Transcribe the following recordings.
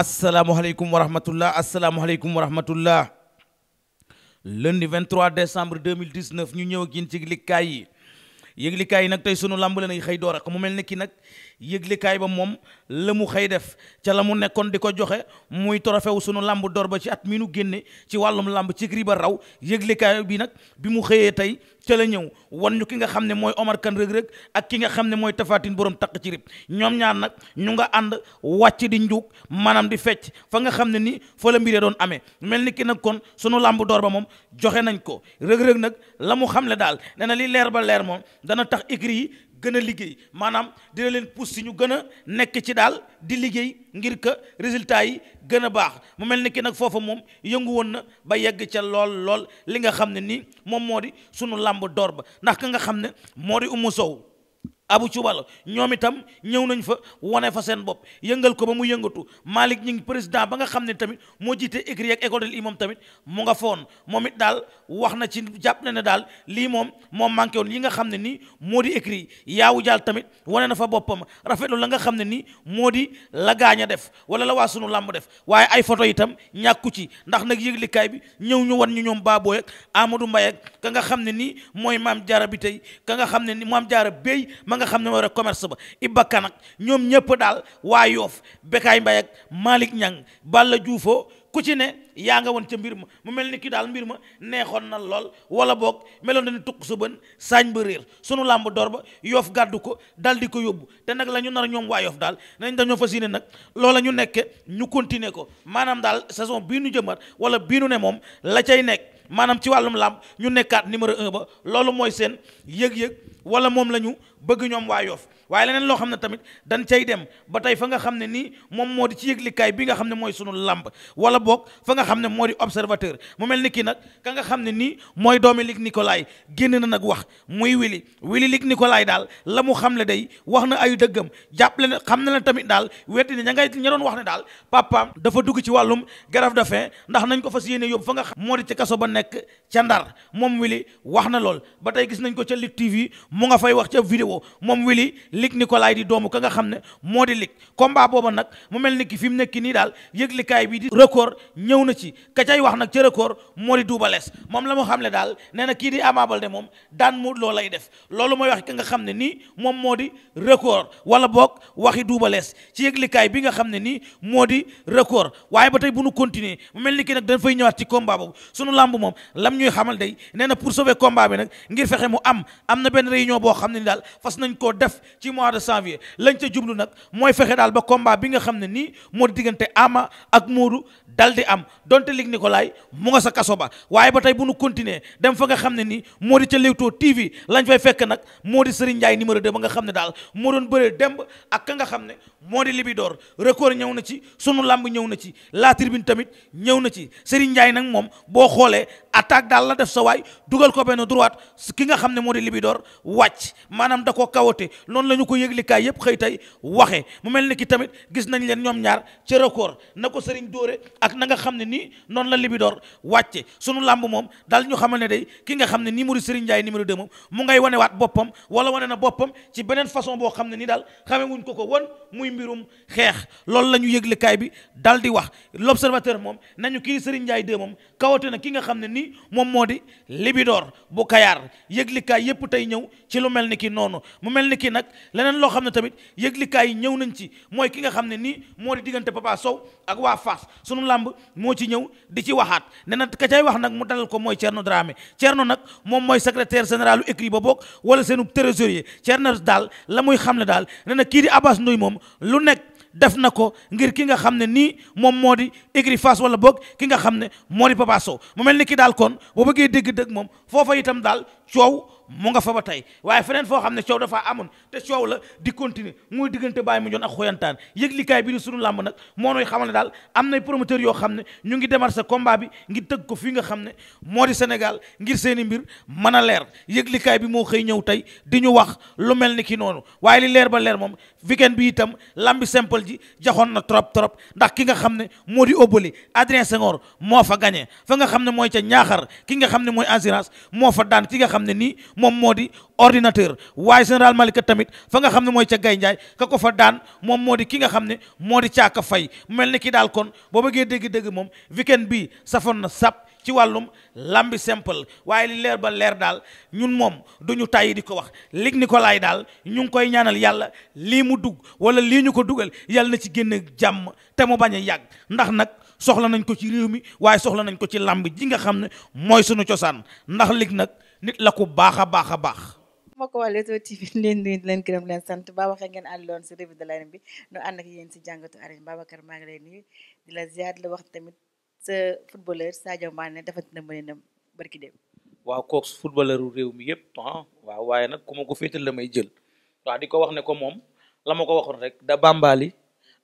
asalaamaaleykum wa rahmatullah asalaamaaleykum wa rahmatullah lundi 23 décembre 2019 ñu ñëw ak yéen ci yëglikaay yi yëglikaay yi nag tey sunu lamb leen ay xëy door ak mu mel ne ki nag yëglikaay ba moom la mu xëy def ca la mu nekkoon di ko joxe muy torofewu sunu làmb door ba ci at mi nu génne ci wàllum làmb ci riba raw yëglikaay bi nag bi mu xëyee tey ca la ñëw wan ñu ki nga xam ne mooy Omar Kane Reug ak ki nga xam ne mooy tafaatin boroom takk ci rib ñoom ñaar nag ñu nga ànd wàcc di njuug maanaam di fecc fa nga xam ne ni fa la mbiree doon amee mel ni ki nag kon sunu làmb door ba moom joxe nañ ko Reug Reug nag la mu xam le daal nee na li leer ba leer moom dana tax écrit yi gën a liggéey maanaam dina leen pousse si ñu gën a nekk ci daal di liggéey ngir que résultat yi gën a baax mu mel ni ki nag foofa moom yëngu na ba yegg ca lool lool li nga xam ne nii moom moo di sunu làmb door ba ndax ka nga xam ne moo di Oumou Sow abu cubal ñoom itam ñëw nañ fa wane fa seen bopp yëngal ko ba mu yëngatu Malick ñi ngi président ba nga xam ne tamit moo jiite écrit ak école de imam tamit mu nga foon moom it daal wax na ci jàpp na ne daal lii moom moom manqué woon yi nga xam ne nii moo di écrit yaawu jaal tamit wane na fa boppam rafetlu la nga xam ne nii moo di la gaañ def wala la waa sunu làmb def waaye ay foto itam ñàkku ci ndax nag yëglikaay bi ñëw ñu wan ñu ñoom baabooy ak Amadou Mbaye ak ka nga xam ne nii mooy maam jaara bi tey ka xam ne ni maam jaara béy nga xam ne moo rek commerce ba Iba Kane ñoom ñëpp daal waa Yoof Bekaay Mbaye ak Malick Niang Balla Dioufoo ku ci ne yaa nga woon ca mbir ma mu mel ni kii daal mbir ma neexoon na lool wala boog meloon na ni tukk sa bën saañ ba réer sunu làmb door ba yoof gàddu ko dal di ko yóbbu te nag la ñu nar ñoom waa yoof daal nañ dañoo fas yéene nag loola ñu nekke ñu continuer ko maanaam daal saison bii nu jëmbat wala bii nu ne moom la cay nekk maanaam ci wàllum làmb ñu nekkaat numéro ba loolu mooy seen yëg-yëg wala moom la ñu bëgg ñoom waa Yoff waaye leneen loo xam ne tamit dañ cay dem ba tey fa nga xam ne nii moom moo di ci yëglikaay bi nga xam ne mooy sunu làmb wala boog fa nga xam ne moo di observateur mu mel ni kii nag ka nga xam ne nii mooy doomi Luc Nicolaï génn na nag wax muy Wili Wili Luc Nicolaï daal la mu xam le day wax na ay dëggam jàppale ne xam na ne tamit daal weddi ne ña ngay ña doon wax ne daal papaam dafa dugg ci wàllum grève de faim ndax nañ ko fas yéene yóbbu fa nga xam moo di ca kaso ba nekk ca Ndar moom Wili wax na lool ba tey gis nañ ko ca Lutte TV mu nga fay wax ca vidéo moom Willy Luc Nicolaï di doomu ka nga xam ne moo di Luc combat booba nag mu mel ni ki fi mu nekk nii daal yëglikaay bii di record ñëw na ci ka ay wax nag ca record moo di Double moom la mu xam ne daal nee na kii di Ama Baldé moom daan mu loo lay def loolu mooy wax ka nga xam ne nii moom moo di record wala boog waxi Double Less ci yëglikaay bii nga xam ne nii moo di record waaye ba tey bu nu continuer mu mel ni ki nag dañ fay ñëwaat ci combat boobu sunu làmb moom lam ñuy xamal day nee na pour sauver combat bi nag ngir fexe mu am am réunion boo xam ne ni daal fas nañ koo def ci mois de janvier lañ ca jublu nag mooy fexe daal ba combat bi nga xam ne nii moo diggante Ama ak Modou dal di am donte Luc Nicolaï mu nga sa kaso ba waaye ba tey bu nu continuer dem fa nga xam ne nii moo di ca Leewtoo TV lañ fay fekk nag moo di Serigne Ndiaye numéro 2 ba nga xam ne daal moo doon bëree demb ak ka nga xam ne moo di Libidor record ñëw na ci sunu làmb ñëw na ci la tribune tamit ñëw na ci Serigne Ndiaye nag moom boo xoolee attaque daal la def sa waay dugal ko benn droite ki nga xam ne moo di Libidor wàcc maanaam da ko kawote noonu la ñu ko yëglikaay yépp xëy tey waxee mu mel ni ki tamit gis nañ leen ñoom ñaar ci record na ko sëriñ doore ak na nga xam ne nii noonu la Libidor wàcce sunu làmb moom daal ñu xamal ne day ki nga xam ne nii mu di sëriñ Njaay numéro 2 moom mu ngay waat boppam wala wane na boppam ci beneen façon boo xam ne nii daal xamee wuñ ko ko wan muy mbirum xeex loolu la ñu yëglikaay bi dal di wax l'observateur moom nañu kii sëriñ Njaay moom kawote na ki nga xam ne nii bi moom moo di libidoor bu kayaar yëglikaay yépp tey ñëw ci lu mel ni ki noonu mu mel ni ki nag leneen loo xam ne tamit yëglikaay yi ñëw nañ ci mooy ki nga xam ne nii moo di diggante Papa Sow ak waa Fass sunu làmb moo ci ñëw di ci waxaat ne na ka cay wax nag mu dalal ko mooy Thierno Dramé Thierno nag moom mooy secrétaire général lu écrit ba bokk wala seenu trésorier Thierno daal la muy xam ne daal ne kii di Abbas Ndoye moom lu nekk def na ko ngir ki nga xam ne nii moom moo di écurie Fass wala boog ki nga xam ne moo di Papa Sow mu mel ni ki daal kon boo bëggee dégg dëgg moom foofa itam daal coow mu nga fa ba tey waaye feneen foo xam ne coow dafa amoon te coow la di continuer muy diggante bàyyi mu joon ak xoyantaan yëglikaay bi ni sunu làmb nag moo nooy xamal ne daal am nay promoteur yoo xam ne ñu ngi démarrer combat bi ngir tëgg ko fii nga xam ne moo di Sénégal ngir seeni mbir mën a leer yëglikaay bi moo xëy ñëw tey di ñu wax lu mel ni ki noonu waaye li leer ba leer moom weekend bi itam lambi simple ji jaxoon na trop trop ndax ki nga xam ne moo di óbbali Adrien Senghor moo fa gagné fa xam ne mooy ca ñaaxar ki nga xam ne mooy assurance moo fa daan ki nga xam ne nii moom moo di ordinateur waaye général Malika tamit fa nga xam ne mooy ca gay njaay ka ko fa daan moom moo di ki nga xam ne moo di caaka fay mel ni kii daal kon boo bëggee dégg-dégg moom weekend bi safoon na sap ci wàllum lambi simple waaye li leer ba leer daal ñun moom du ñu tàyyi di ko wax lig ni ko laay daal ñu ngi koy ñaanal yàlla lii mu dugg wala lii ñu ko dugal yàlla na ci génne jàmm te mu bañ yàgg ndax nag soxla nañ ko ci réew mi waaye soxla nañ ko ci làmb ji nga xam ne mooy sunu cosaan ndax lig nag nit la ku baax a baax a baax. ma ko waa Leewtoo TV leen di leen gërëm leen sant ba waxee ngeen àndoon si revue de l'arène bi nu ànd yéen si jàngatu arène Babacar maa ngi lay nuyu di la ziar la wax tamit sa footballeur Sadio Mané dafa dina mën a barki dem. waaw kooku footballeur réew mi yëpp ah waaw waaye nag ku ma ko féetal la may jël waa di ko wax ne ko moom la ma ko waxoon rek da Bambali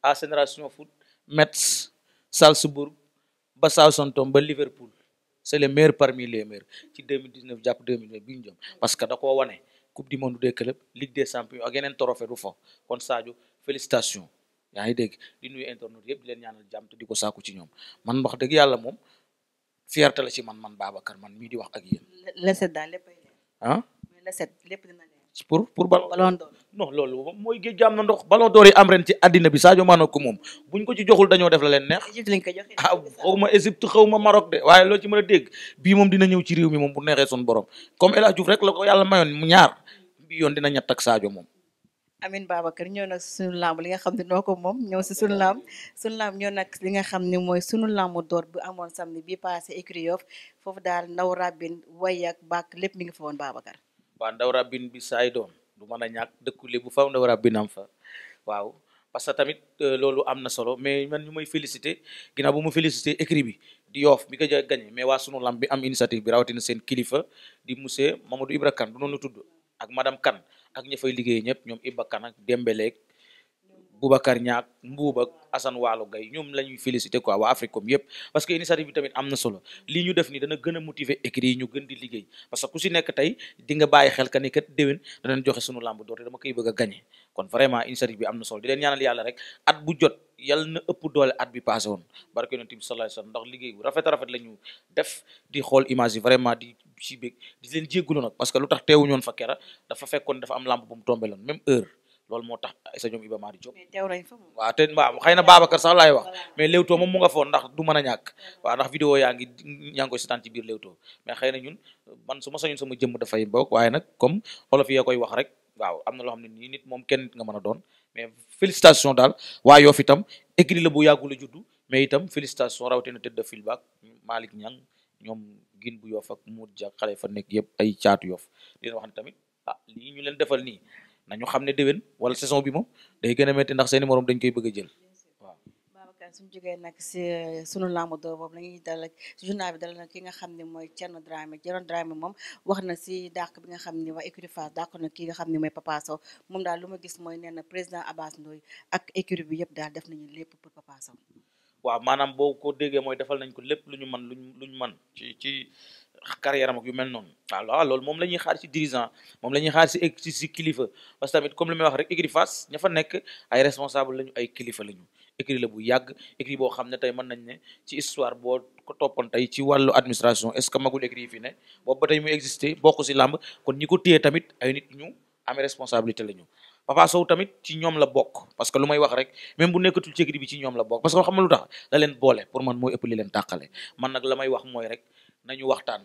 a Génération Foot Metz Salzbourg ba Southampton ba Liverpool. c'est le meilleur parmi les meilleurs ci 2019 jàpp 2020 bi ñu jëm parce que da koo wane coupe du monde des clubs ligue des champions ak yeneen trophée du fa kon Sadio félicitation yaa ngi dégg di nuyu internautes yëpp di leen ñaanal jàmm te di saaku ci ñoom man wax dëgg yàlla moom fierté la ci man man Babacar man mii di wax ak yéen. ah. pour pour ballon d'or non loolu mooy géej gi am na ndox ballon d'or yi am ci àddina bi Sadio Mané ko moom buñ ko ci joxul dañoo def la leen neex. Égypte lañ ko joxe ah, xaw ma Égypte xaw ma Maroc de waaye loo ci mën a dégg bi moom dina ñëw ci réew mi moom bu neexee suñu borom comme El Hadj Diouf rek la ko yàlla mayoon mu ñaar bi yoon dina ñett ak Sadio moom. Amin Babacar ñëw li nga xam ne noo ko moom ñëw si suñu lamb suñu lamb ñëw nag li nga xam ne mooy suñu lamb door bu amoon samedi bi passé écurie Yoff foofu daal ndaw rabbin way ak bàkk lépp mi ngi fa woon waa ndaw rabbin bi saay doom du man a ñàkk dëkku lébu faw ndaw rabbin am fa waaw parce que tamit euh, loolu am na solo mais man ñu may félicité ginnaaw bu mu félicité écrit bi di yoof bi ko gagné mais waa sunu lam bi am initiative bi rawatina seen kilifa di monsieur Mamadou Ibra Kane du noonu tudd ak madame Kane ak ña fay liggéey ñëpp ñoom Ibra Kane ak Dembélé Boubacar Niak Mbuub ak Waalo Gaye ñoom la ñuy féliciter quoi waa Africom yëpp parce que initiative bi tamit am na solo lii ñu def ni dana gën a motiver yi ñu gën di liggéey parce que ku si nekk tey di bàyyi xel ka ni kat déwén joxe sunu làmb doote dama koy bëgg a gagné kon vraiment initiative bi am na solo di leen ñaanal yàlla rek at bu jot yàlla na ëpp doole at bi passé woon barke yonent bi sallallahu alayhi wasallam ndax liggéey bu rafet loolu moo tax sa ñoom Iba Mar Diop waaw te mbaa xëy na Babacar sax laay wax mais Leewtoo moom mu nga foon ndax du mën a ñàkk waaw ndax vidéo yaa ngi ñaa ngi koy seetaan ci biir Leewtoo mais xëy na ñun man su ma sañun sama jëmm dafay bokk waaye nag comme olof yi koy wax rek waaw am na loo xam ne nii nit moom kenn nit nga mën a doon mais filistation daal waa yoof itam écrit bu yàggul a juddu mais itam félicitation rawatina tëdd fil baak Malick Niang ñoom gin bu Yoff ak Mour Dia fa nekk yëpp ay caatu Yoff dina wax ne tamit ah lii ñu leen defal nii nañu xam ne déwén wala saison bi moom day gën a métti ndax seeni morom dañ koy bëgg a jël waaw Babacar suñu jógee nag si euh, sunu lamb doo boobu la ñuy dalal si journal bi dalal na ki nga xam ne mooy Thierno Dramé Thierno Dramé moom wax na si dàq bi nga xam ni waa écurie Fass dàq na ki nga xam ne mooy Papa Sow moom daal lu ma gis mooy nee na président Abass Ndoye ak écurie bi yëpp daal def nañu lépp pour Papa Sow waaw maanaam boo ko déggee mooy defal nañ ko lépp lu ñu mën luñ man ci ci carrière am yu mel noonu waaw loolu moom la ñuy xaar si dirigeant moom la ñuy xaar si ci si kilifa parce que tamit comme li may wax rek écurie Fass nekk ay responsable lañu ay kilifa lañu écurie la bu yàgg écurie boo xam ne tey mën nañ ne ci histoire boo ko toppoon ci wàllu administration est ce que magul écurie yi fi ne boobu ba tey mu boo ko si làmb kon ñi ko téye tamit ay nit ñu am responsabilité lañu Papa Sow tamit ci ñoom la bokk parce que lu may wax rek même bu nekkatul ci bi ci ñoom la bokk parce que xam lu tax la leen boole pour man moo ëpp li leen tàqale man nag la may wax mooy rek nañu waxtaan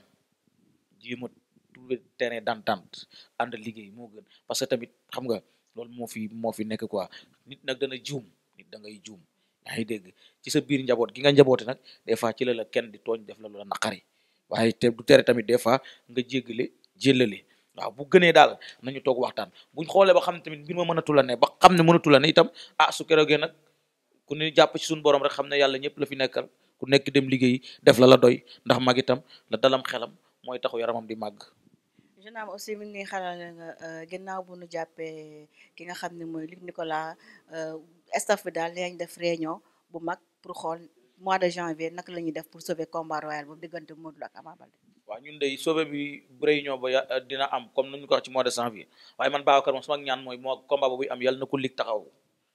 jéem a trouver terrain d'entente ànd liggéey moo gën parce que tamit xam nga loolu moo fi moo fi nekk quoi nit nag dana juum nit da ngay juum yaa ngi dégg ci sa biir njaboot gi nga njaboote nag des fois ci la la kenn di tooñ def la lu la naqari waaye te du tere tamit des fois nga jéggale jëllale waaw bu gënee daal nañu toog waxtaan buñ xoolee ba xam ne tamit mbir ma mënatul la ne ba xam ne mënatul la ne itam ah su keroogee nag ku ne jàpp ci suñu borom rek xam ne yàlla ñëpp la fi nekkal ku nekk dem liggéey def la la doy ndax mag itam la dalam xelam mooy taxu yaramam di màgg. jeune aussi mi ngi xalaat nga euh, ginnaaw bu nu jàppee ki nga xam ne mooy Luc Nicolas euh, staff bi daal dinañ def réunion bu mag pour xool mois de janvier naka la ñuy def pour sauver combat royal boobu diggante Modou Lo ak Ama waaw ñun day sauvé bi réunion ba euh, dina am comme nañu ko wax ci mois de janvier waaye man Babacar moom sama ñaan mooy moo combat boobu am yàlla na ko lig taxaw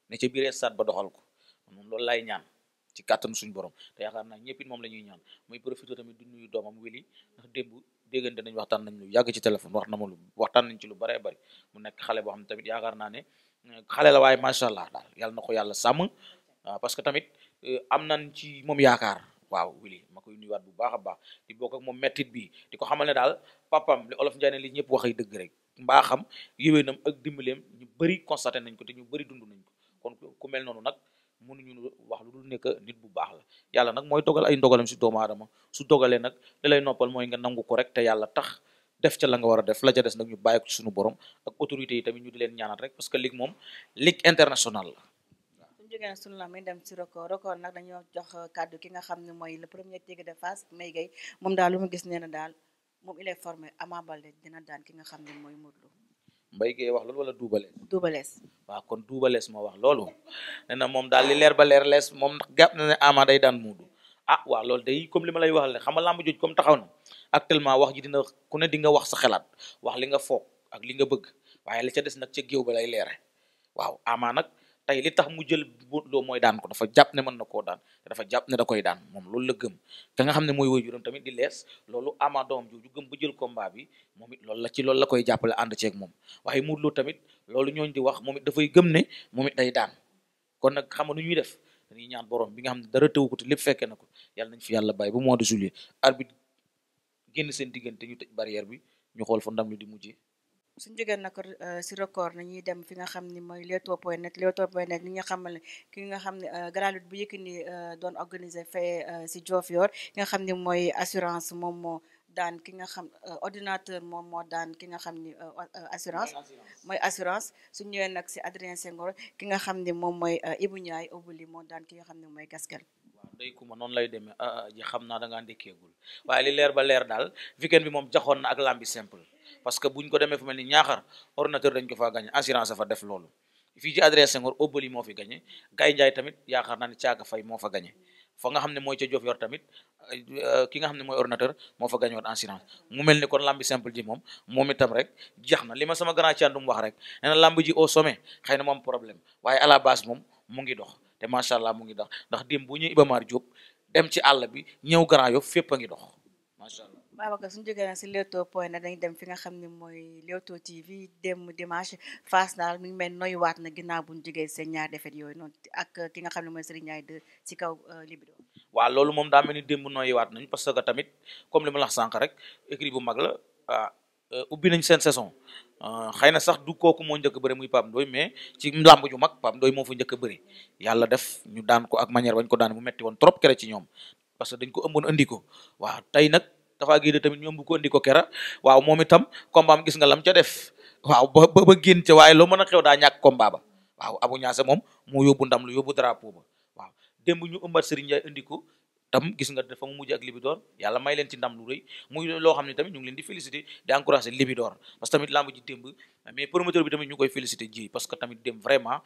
ne ca biir moom loolu laay ñaan ci kàttanu suñu borom te yaakaar naa ñëpp it moom la ñuy ñaan muy profité tamit du nuyu doomam wili ndax démb déggante nañ waxtaan nañ lu yàgg ci téléphone wax na ma lu waxtaan nañ ci lu bare bari mu nekk xale boo xam ne tamit yaakaar naa ne euh, xale la waaye macha allah daal yàlla na ko yàlla sàmm parce que tamit euh, am nañ ci moom yaakaar waaw Wili ma koy nuyuwaat bu baax a baax di bokk ak moom mettit bi di ko xamal ne daal papam li olof Njaay ne li ñëpp wax ay dëgg rek mbaaxam yéwénam ak dimbaleem ñu bari constaté nañ ko te ñu bëri dund nañ ko kon ku mel noonu nag nu wax lu dul nekk nit bu baax la yàlla nag mooy dogal ay ndogalam si doomu adama su dogalee nag li lay noppal mooy nga nangu ko rek te yàlla tax def ca la nga war a def la ca des nag ñu bàyyi ko suñu borom ak autorités yi tamit ñu di leen ñaanal rek parce que ligue moom ligue internationale la jógee dem si record record nag dañoo jox euh, kàddu ki nga xam ne mooy le premier tigre de Fass Mbaye moom daal lu mu gis nee na daal moom il est formé Ama Baldé dina daan ki nga xam ne mooy Modou Lo Mbaye Guèye wax loolu wala duubalees duubalees waa kon duubalees moo wax loolu nee na moom daal i leer ba leer lees moom gàpp na ne Ama day daan Modou ah waaw loolu day comme li ma lay wax ne xam nga lamb jooju comme taxaw na actuellement wax ji dina ku ne di nga wax sa xelaat wax li nga foog ak li nga bëgg waaye li ca des nag ca géew ba lay leere tey li tax mu jël Modou Lo mooy daan ko dafa jàpp ne mën na koo daan dafa jàpp ne da koy daan moom loolu la gëm ka nga xam ne mooy waajuram tamit di lees loolu ama doom jooju gëm ba jël bi moom it loolu la ci loolu la koy jàppale ànd ceeg moom waaye Modou Lo tamit loolu ñooñ di wax moom it gëm ne moom it day daan kon nag xam nga nu ñuy def dañuy ñaan borom bi nga xam ne dara tëwu ko te lépp fekkee na ko yàlla nañ fi yàlla bàyyi ba mois de juillet arbitre génn seen diggante ñu tëj barrière bi ñu xool fa ndam li di mujjee suñ jógee nag euh, si record nañuy dem fi nga xam ni mooy Leewtoo point net Leewtoo point net ñi nga xamal ne ki nga xam ne euh, grand lutte bu Yékini euh, doon organisé fee si Diofior ki nga xam ni mooy assurance moom moo daan ki nga xam ordinateur moom moo daan ki nga xam ni assurance mooy assurance su ñëwee nag si Adrien Senghor ki nga xam ni moom mooy Ibou Ndiaye Obouli moo daan ki nga xam ni mooy Gaskel day kuma noonu lay deme ah, ah, xam naa da ngaa ndékkeegul waaye li leer ba leer daal weekend bi moom jaxoon na ak lambi simple parce que buñ ko demee fu mel ni ñaaxar ordinateur dañ ko faa gagné assurance fa def loolu fii ci moo fi gagné Gaye Ndiaye tamit yaakaar naa ne Thiaka Faye moo fa gagné fa nga xam ne mooy ca jof yor tamit euh, ki nga xam ne mooy ordinateur moo fa gañoon assurance mu mel ni kon lambi simple ji moom moom itam rek jeex na li ma sama grand ci wax rek nee na lamb ji au some xëy na moom problème waaye à la base moom mu ngi dox te macha allah mu ngi dox ndax démb bu ñëw Iba Mar Diop dem ci àll bi ñëw Grand Yoff fépp a ngi dox macha allah. Babacar suñu jógee nag si Leewtoo point nag dañu dem fi nga xam ne mooy Leewtoo TV dem face daal mi bu ñu jógee seen ñaar defet ki nga xam ne mooy Serigne Ndiaye de si kaw euh, Libido. waaw loolu moom daa mel ni démb noyuwaat nañ parce que tamit comme li ma la wax rek écrit bu mag la ah, Euh, ubbi nañ seen saison euh, xëy na sax du kooku moo njëkk muy Pape Ndoye mais ci làmb ju mag Pape Ndoye moo fa njëkk def ñu daan ko ak manière bañ ko daan mu metti woon trop kere ci ñoom parce que dañ ko ëmboon a ko waaw tey nag dafa gii tamit ñu ëmb ko ko moom itam combat am gis nga lam def waaw ba ba ba génn ca waaye loo mën a xew daa ñàkk combat ba waaw Abou Niasse moom moo yóbbu ndam lu yóbbu drapeau ba waaw démb ñu ëmbat Serigne Ndiaye andi ko tam gis nga dafa mu mujj ak Libidor yàlla may leen ci ndam lu rëy muy loo xam ne tamit ñu ngi leen di féliciter di encourager Libidor parce que tamit lamb ji démb mais promoteur bi tamit ñu koy ah,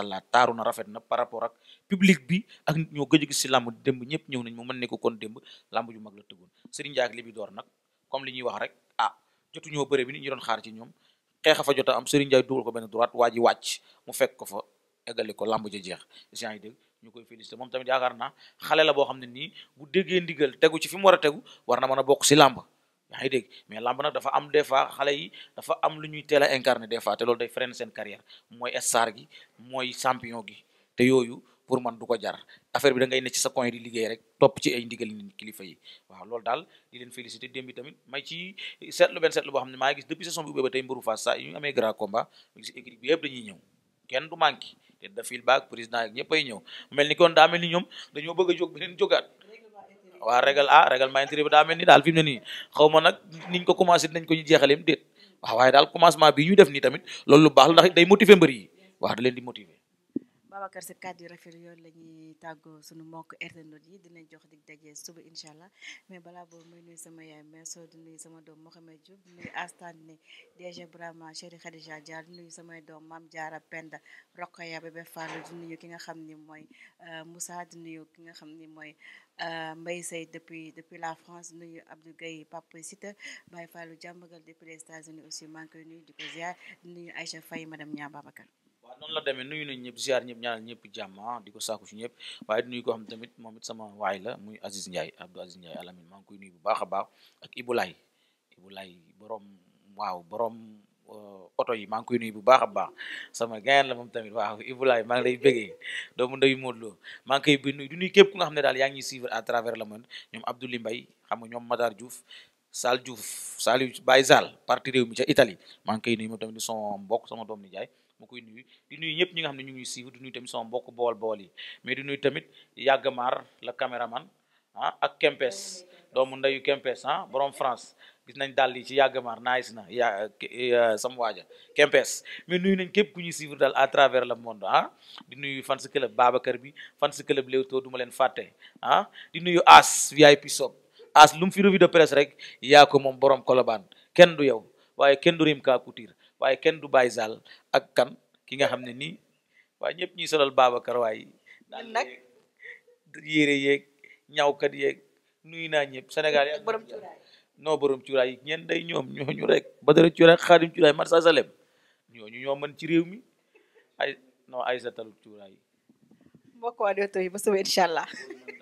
allah taaru na rafet na par rapport ak public bi ak ñoo gëj a gis si lamb démb ñëpp ñëw nañ mu mën ne ko kon démb lamb ju mag la tëggoon Serigne Ndiaye ak Libidor nag comme li ñuy wax rek ah jotu ñoo bëre bi ni ñu doon xaar ci ñoom xeexa fa jota am Serigne Ndiaye dugal ko benn droite waa ji wàcc fekk ko fa eggale lamb ja jeex ñu koy félicité moom tamit yaakaar na xale la boo xam ne nii bu déggee ndigal tegu ci fi mu war a tegu war na mën a bokk si làmb yaa ngi dégg mais làmb nag dafa am des fois xale yi dafa am lu ñuy teel a incarné des fois te loolu day freiner seen carrière mooy star gi mooy champion gi te yooyu pour man du ko jar affaire bi da ngay ne ci sa coin di liggéey rek topp ci ay ndigal nit kilifa yi waaw loolu daal di leen félicité démb bi tamit may ci seetlu benn seetlu boo xam ne maa gis depuis saison yëpp dañuy ñëw kenn du manqué te dafil baak président ak ñëpp ay ñëw mel ni kon daa mel ni ñoom dañoo bëgg a jóg beneen jógaat waa régal ah règlement intérieur bi daa mel ni daal fi mu ne ma nag niñ ko commencé dinañ ko ñu jeexaleem déet waaw waaye daal commencement bi ñu def nii tamit loolu lu baax la ndax day motiver mbër yi leen di motiver Babacar sa kàddu yu rafet yooyu la ñuy tàggoo sunu mbokk internautes yi dinañ jox di daje suba incha mais balaa boobu may nuyu sama yaay mais soo di nuyu sama doom Mohamed Diouf di nuyu Astan ni DG Brahma Chéri Khadija Diar di samay doom maam Diarra Penda Rokhaya Bébé Fall di nuyu ki nga xam ni mooy euh, Moussa di nuyu ki nga xam ni mooy euh, mbay Seye depuis depuis la France nuyu Abdou Gueye Pape Sita Baye Fallou jàmbagal depuis les États-Unis aussi maa ngi koy nuyu di ko ziar di waaw noonu la demee nuyu nañ ñëpp ziar ñëpp ñaanal ñëpp jàmm ah, di ko saaku ci ñëpp waaye di nuyu koo xam tamit moom sama waay la muy Aziz Ndiaye Abdou Aziz Ndiaye alamin maa ngi koy nuyu bu baax a baax ak Ibulaay Ibulaay borom waaw borom euh, oto yi maa ngi koy bu baax a baax sama gayaan la moom tamit waaw Ibulaay maa ngi lay bëggee doomu ndeyu Modou Lo maa ngi koy bi nuy di nuyu képp ku nga xam ne daal yaa ngi suivre à travers le monde ñoom Abdoulaye Mbaye xam nga ñoom Madar Diouf Sal Diouf Saliou Baye saal parti réew mi ca Italie maa ngi koy nuyu moom tamit di mbokk sama doom ni jaay ma koy nuyu di nuyu ñëpp ñi nga xam ne ñu ngi suivre di nuyu tamit sama mbokk bool bool yi mais di nuyu tamit Yàggamaar la caméraman ah ak Kempes doomu ndeyu Kempes ah borom France gis nañ daal yi ci Yàggamaar nice na yaa sama waaja Kempes mais nuyu nañ képp ku ñuy suivre dal à travers le monde ah di nuyu fans baba Babacar bi fans club Leewtoo du ma leen fàtte ah di nuyu As VIP Sob As lu mu fi revue de presse rek yaa moom borom Colobane kenn du waaye kenn waaye kenn du bàyyi saal ak kan ki nga xam ne nii waaye ñëpp ñuy solal Babacar waaye daal nag yére yeeg ñawkat yeeg nuyu naa ñëpp Sénégal ya borom cuuraay non borom cuuraay yi ñeen day ñoom ñooñu rek Badara cuuraay Xaadim cuuraay Marsa Salem ñooñu ñoo man ci réew mi ay non ay talu cuuraay mbokk waa Leewtoo yi ba suba incha allah